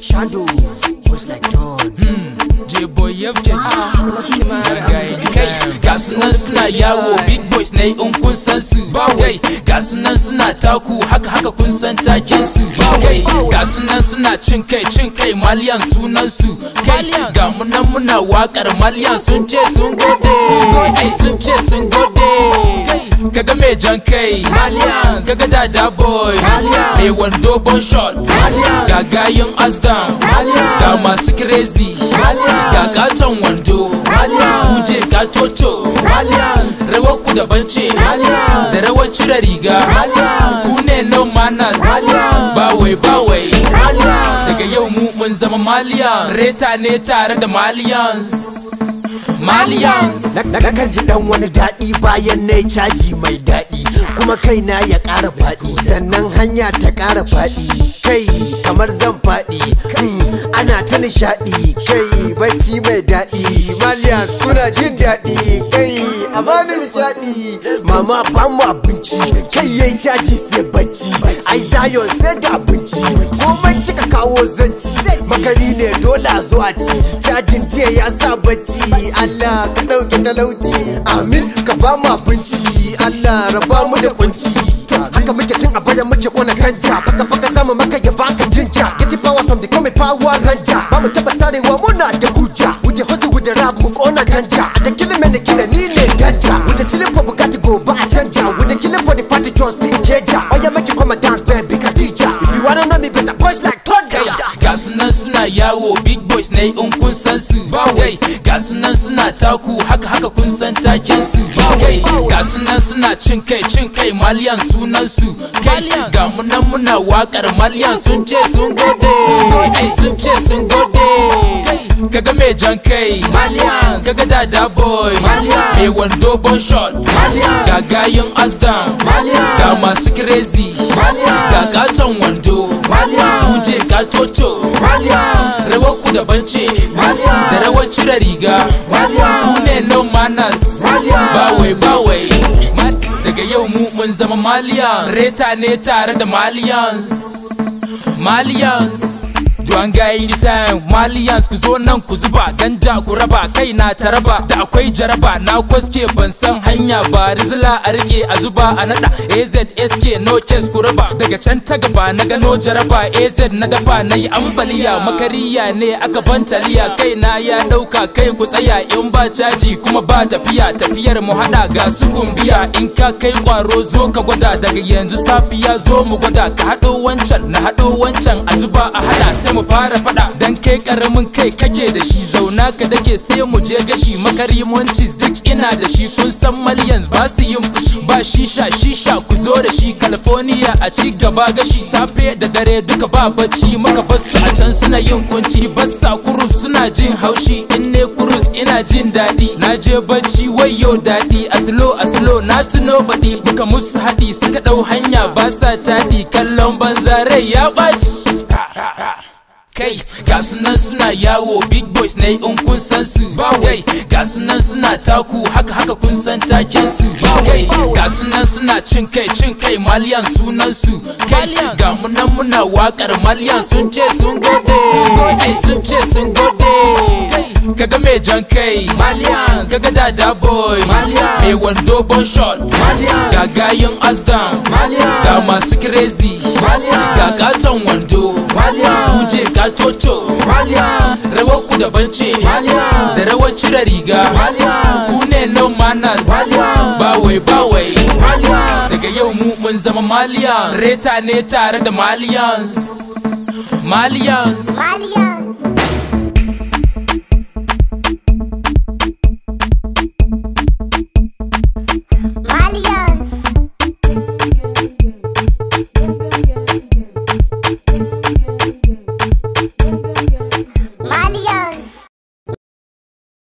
Shadow, voice like dawn. Hmm. J-boy, yep, Kai, gas nan suna yawo, big boys na in kun san su. Kai, gas nan suna taku, haka haka kun san taken su. Kai, gas nan suna cin kai, cin kai maliyan sunan su. Kai, ga mu nan muna wakar maliyan sun ce sun gode. Ai sun ce sun gode. kaga mai jan kai kaga dada boy mai wando bon shot ga gayin asdam ga masu crazy ga katon wando kuje ga toto rawar ku daban ce da rawar cire riga ku ne no manas bawai bawai daga yau mu mun zama malians. reta ne tare da malians. Malians kan ji dan wani daɗi bayan na caji mai daɗi Kuma kaina ya ƙara faɗi sannan hanya ta ƙara faɗi Kai kamar zan faɗi hmm, ana ta nishaɗi Kai bacci mai daɗi Malians kuna jin daɗi daɗi mama bamu abinci kai yayi caci sai bacci ai zayon sai da abinci komai cika kawo zanci makari ne dole a zo a ci cajin jiya ya sa bacci Allah ka ɗauke talauci amin ka bamu abinci Allah raba mu da kunci haka muke tun a bayan muke kona kanja baka baka zamu maka ya baka jinja get pawa samdi the coming pawa ranja bamu taba taba sarewa muna da hujja wuce hosi wuce rap mu kona kanja na in kun san su kai ga sunan suna taku haka haka kun san taken su kai ga sunan suna cin kai cin kai maliyan sunan su kai ga munan muna wakar maliyan sun ce sun gode sun ce sun kaga mai jan kai kaga dada boy mai wando bon shot ga gayin Malians ga masu crazy ga katon wando kuje ka toto rawar ku bance. Malians da rawar cire riga ku ne no manas bawai bawai daga yau mu mun zama maliyan reta ne tare da malians. malians. juwanga time malians ku zo nan ku zuba ganja ku raba kai na taraba da akwai jaraba na kwaske ban san hanya ba rizla a rike a zuba a nada azsk no case ku raba daga can ta gaba na gano jaraba az na dafa na yi ambaliya makariya ne aka ban taliya kai na ya dauka kai ku tsaya in ba caji kuma ba tafiya tafiyar mu hada ga su kumbiya in ka kai kwaro zo ka gwada daga yanzu safiya zo mu gwada ka hado wancan na hado wancan a zuba a hada sai mu fara fada dan kai karamin kai kake da shi zauna ka dake sai mu je gashi makarimanci duk ina da shi kun san millions ba su yin fushi ba shisha shisha ku zo da shi california a ci gaba gashi safe da dare duka ba bacci maka basu a can suna yin kunci bassa kurus suna jin haushi in ne kurus ina jin daɗi na je bacci wayo daɗi a slow na tuno baɗi muka musu haɗi suka ɗau hanya ba sa taɗi kallon banza rai ya ɓaci kai ga sunan suna yawo big boys na in kun san su kai ga sunan suna taku haka haka kun san taken su kai ga sunan suna cin kai cin kai maliyan sunan su kai ga munan muna wakar maliyan sun ce sun gode ai sun ce sun gode kaga me jan kai maliyan kaga dada boy maliyan mai wando bon shot ga gayin asdam ga masu crazy ga katon wando kuje ga toto rawar ku bance ce da rawar cire riga ku ne no manas bawai bawai daga yau mu mun zama maliyan reta ne tare da malians malians.